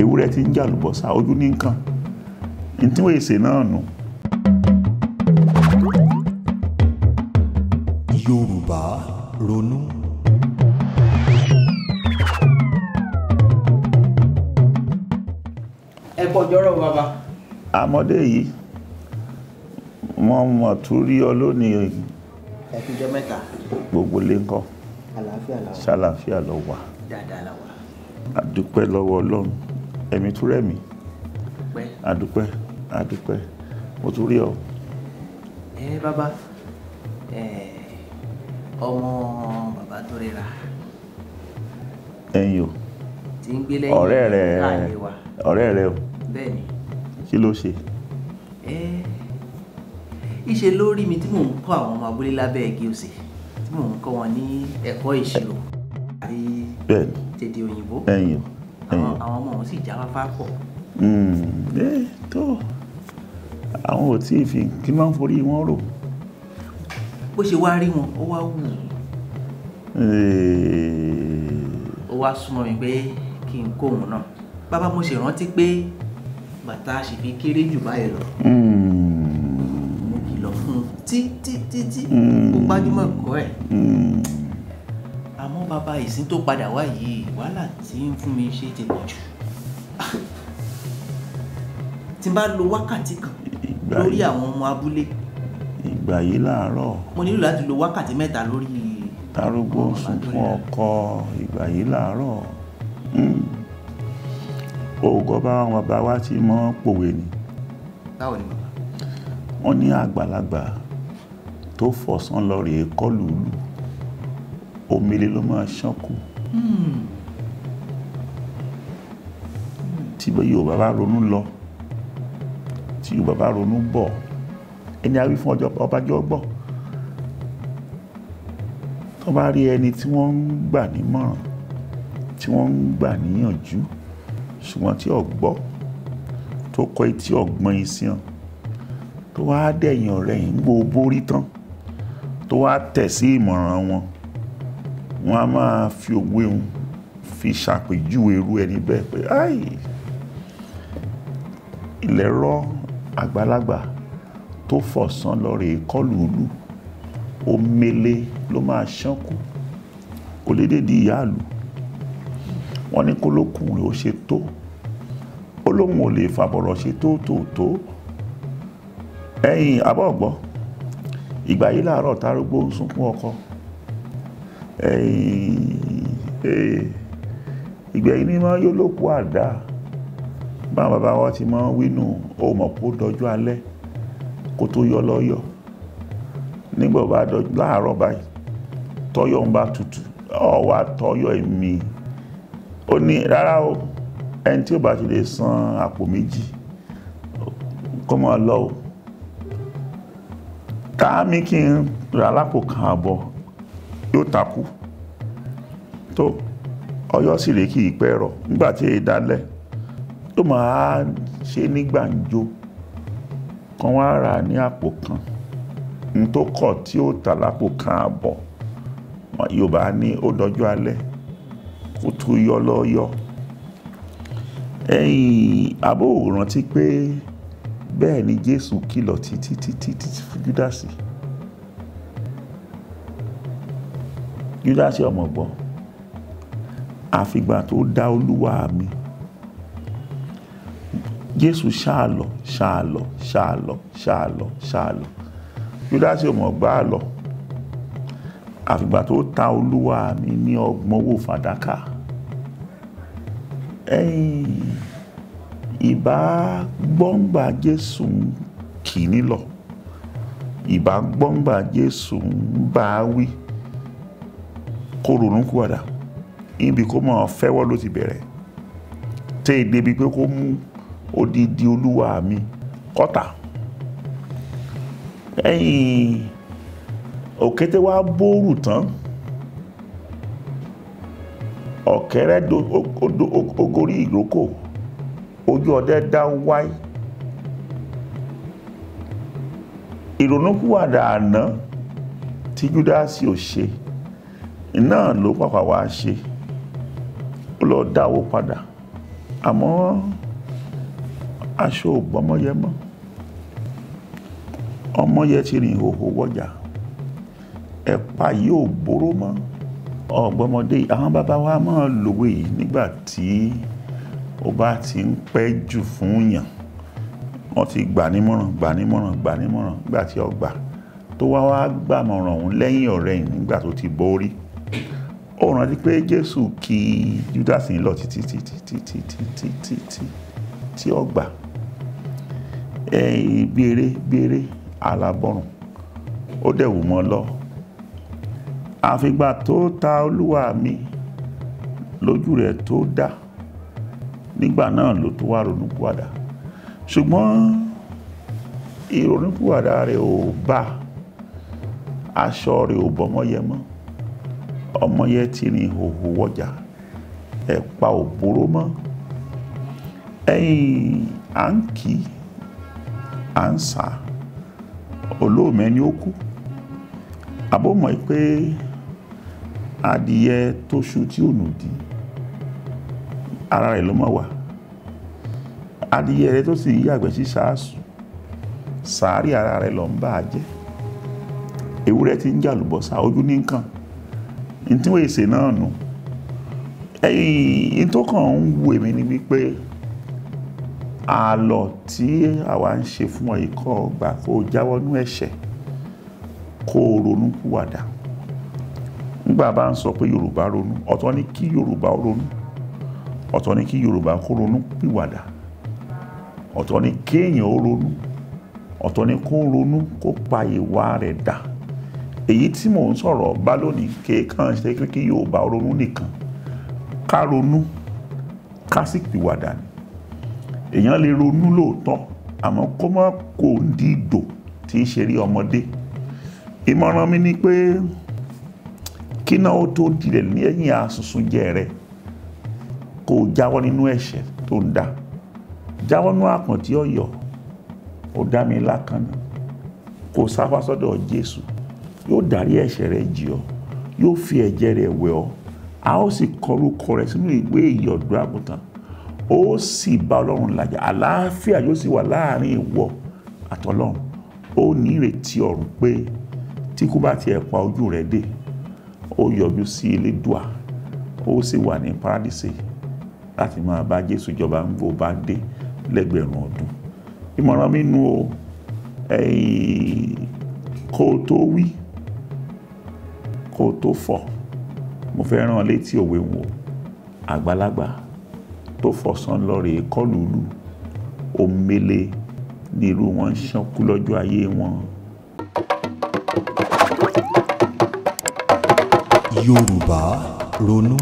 ewúrẹ́ ti ń jà lùbọ́sà ojú ní nǹkan ntí wọ́n èsè náà nù. Yorùbá ronú. ẹ kọjọrọ bàbá. àmọ́dé yìí wọ́n mọ̀ tún rí ọ lónìí. ẹ fi jọ mẹ́ta. gbogbo lé ń kọ́. ṣàlàáfíà lọ wà. dáadáa lọ wà. a dúpẹ́ lọ́wọ́ Ọlọ́run ẹ̀mí tún rẹ̀mí àdúpẹ́ àdúpẹ́ mo tún rí ọ. ẹ bàbá ọmọ bàbá tó rira. ẹyin o tí ń gbé lẹ́yìn ọ̀rẹ́ rẹ ọ̀rẹ́ rẹ o bẹ́ẹ̀ni kí ló ṣe. ìṣe ló rí mi tí mò ń kọ́ àwọn ọmọ abúlé lábẹ́ ẹ̀gẹ́ òsè tí mò ń kọ́ wọn ní ẹ̀kọ́ ìṣirò àti tèdè òyìnbó. ẹyin o Mm. àwọn ọmọ wọn sì já fáfá pọ̀. bẹ́ẹ̀ mm. tó àwọn ò tí ì fi kí máa ń forí wọn rò. bó ṣe wá rí wọn ó wá wù ú. Eh. ó wá súnmọ́ mi pé kí n kó òun náà bàbá mo ṣe rántí pé bàtà ṣì fi kéré jù báyìí lọ. Mm. mo kìlọ̀ fún un títí títí kó gbájúmọ̀ kọ́ ẹ̀ àmọ́ bàbá ìsìn tó padà wá yìí wàhálà tí ń fún mi ṣe ti pọ̀ jù tí n bá lo wákàtí kan lórí àwọn ọmọ abúlé. ìgbà yìí làárọ̀. mo nílò láti lo wákàtí mẹ́ta lórí. tarógbó sùn fún ọkọ ìgbà yìí làárọ̀ hmm. ògọ́ bá wọn bàbá wa ti mọ́ pòwe ni. báwo ni bàbá. wọ́n ní àgbàlagbà tó fọ̀sán lọ rèé kọlù lù omele ló máa ṣán kù hmm. tí Yorùbá bá ronú lọ tí Yorùbá bá ronú bọ̀ ẹni a wí fún ọjọ́ ọbàjọ́ gbọ́ tó bá rí ẹni tí wọ́n ń gbà nímọ̀ràn tí wọ́n ń gbà níyànjú ṣùgbọ́n tí ò tó kọ etí ọ̀gbọ́n yìí sí hàn tó wá dẹ̀yìn ọ̀rẹ́ yìí ń gbó borí tán tó wá tẹ̀ sí ìmọ̀ràn wọn wọ́n á máa fi òwe òun fi ṣàpèjúwe irú ẹni bẹ́ẹ̀ pé áì ilẹ̀ rọ àgbàlagbà tó fọ̀sán lọ rèé kọlù òlu omele ló máa ṣánkù kò lédè di ìyáàlú wọ́n ní kólókùnrin ó ṣe tó ó lóun ò lè fàbọ̀rọ̀ ṣe tó tòótó ẹ̀yìn abọ́ọ̀gbọ́ ìgbà yìí làárọ̀ tárógbó ń sunkún ọkọ ìgbẹ̀yìn ni máa yóò lóko àdá bá bàbá wa ti máa wínú ó mọ̀ kó dọjú alẹ́ kó tó yọ lọ́yọ̀ nígbà bá dọjú láàárọ̀ báyìí tọ́yọ̀ ń bá tutù ọ̀ tọ́yọ̀ èmi ó ní rárá o ẹni tí ó bá ti lè san àpò méjì kó máa lọ o tá a mi kí n ra lápò kan àbọ̀ yóò takú tó ọyọ́ sì rèé kì í pẹ́ rọ̀ nígbà tí ìdálẹ́ yóò máa ṣe ní gbàǹjo kan wá rà ní àpò kan n tó kọ̀ tí ó tà lápò kan àbọ̀ Yorùbá ní ó dọjọ́ alẹ́ kó tó yọ lọ́yọ́ ẹ̀yìn abó rántí pé bẹ́ẹ̀ ni Jésù kìlọ̀ títí títí títí fún Júdásì. júdásì ọmọ gbọ́ àfìgbà tó dá olúwa mi jésù ṣáàlọ ṣáàlọ ṣáàlọ ṣáàlọ ṣáàlọ júdásì ọmọ gbá lọ àfìgbà tó ta olúwa mi ní ọgbọ̀n owó fàdákà ẹ̀yìn ìbá gbọ́ngbà jésù kì í nílọ ìbá gbọ́ngbà jésù ń bá wí kó ronú kúwàdà níbi kó mọ̀ fẹ́wọ́ ló ti bẹ̀rẹ̀ tẹ́ ẹ débi pé kó mú odidi olúwa mi kọ́ta ẹ̀yìn òkété wa bóòrù tán ọ̀kẹ́rẹ́ ogórí ìrókò ojú ọdẹ dá wáyé ìrònúkúwàdà àná tí Júdásì ò ṣe náà ló pàpà wá ṣe ó lọ dáwó padà àmọ́ aṣọ ògbọ́mọyẹ mọ́ ọmọyẹ ti rìn ìhòhò wọjà ẹ̀pà yóò bóró mọ́ ọ̀gbọ́mọdé àwọn bàbá wa máa lòwe nígbà tí ó bá ti ń pẹ́ jù fún yàn wọ́n ti gbà nímọ̀ràn gbà nímọ̀ràn gbà nímọ̀ràn nígbà tí ọgbà tó wá wá gbàmọ̀ràn òun lẹ́yìn ọ̀rẹ́yìn nígbà tó ti borí ó rántí pé jésù kí judas ń lọ títí títí títí títí títí tí ó gbà béèrè béèrè alábọ̀rùn ó dẹ̀ wù mọ́ lọ àfìgbà tó ta olúwa mi lójú rẹ̀ tó dá nígbà náà ló tó wá ronúpìwàdà ṣùgbọ́n ìrònúpìwàdà rẹ̀ ò bá aṣọ rẹ̀ ò bọ́mọ́yẹ mọ́ ọmọ yẹn ti rìn ìhòhò wọjà ẹ pa òbóró mọ́ ẹ̀yìn à ń kì í à ń sà olóòmẹ ni ó kú àbọ̀mọ̀ pé adìyẹ tó ṣu tí ò nù dì ara rẹ̀ ló mọ̀ wá adìyẹ tó sì sí ntí wọ́n èsè náà nù ẹ̀yìn tó kàn ń wù èmi ni wípé àlọ́ tí àwa ń ṣe fún ọ ikọ̀ ọgbà kó jáwọ́nú ẹ̀ṣẹ̀ kó o ronú púwàdà nígbà bá ń sọ pé Yorùbá ronú ọ̀tọ̀ ni kí Yorùbá ronú ọ̀tọ̀ ni kí Yorùbá kó ronú pìwàdà ọ̀tọ̀ ni kéèyàn ó ronú ọ̀tọ̀ ni kó ronú kó pa ìwà rẹ̀ dà èyí tí mò ń sọ̀rọ̀ bá lónìí kéèkàn ṣe pé kí Yorùbá ronú nìkan ká ronú ká sì pìwàdà ni èèyàn lè ronú lóòótọ́ àmọ́ kó má kó ń di ìdò tí í ṣe rí ọmọdé ìmọ̀ràn mi ni pé kí náà ó tó dilẹ̀ ní ẹ̀yìn àsùnsùn jẹ rẹ kó o jáwọ́ nínú ẹ̀ṣẹ̀ tó ń dá jáwọ́ nínú àpọ̀n tí ó yọ ó dá mi lákànnà kó sáfà sọ́dọ̀ Jésù yóò dárí ẹ̀ṣẹ̀ rẹ jì ọ́ yóò fi ẹ̀jẹ̀ rẹ̀ wẹ̀ ọ́ a ó sì kọ orúkọ rẹ̀ sínú ìwé ìyọ̀dọ̀ àgùntàn ó sì bá ọlọ́run làjà àlàáfíà yóò sì wà láàrin ìwọ àtọlọ́run ó ní ìrètí ọ̀run pé tí kú bá tiẹ̀ pa ojú rẹ̀ dé ó yọjú sí elédùà ó sì wà ní paradíṣe láti máa bá jésù jọba ń bó bá dé lẹ́gbẹ̀rún ọdún ìmọ̀ràn mi nu o kó o tó wí kó tó fọ̀ mo fẹ́ rán létí òwe wọn àgbàlagbà tó fọ̀sán lọ́rẹ̀ kọlùlù omele ní irú wọn ń ṣánkú lọ́jọ́ ayé wọn. Yorùbá ronú.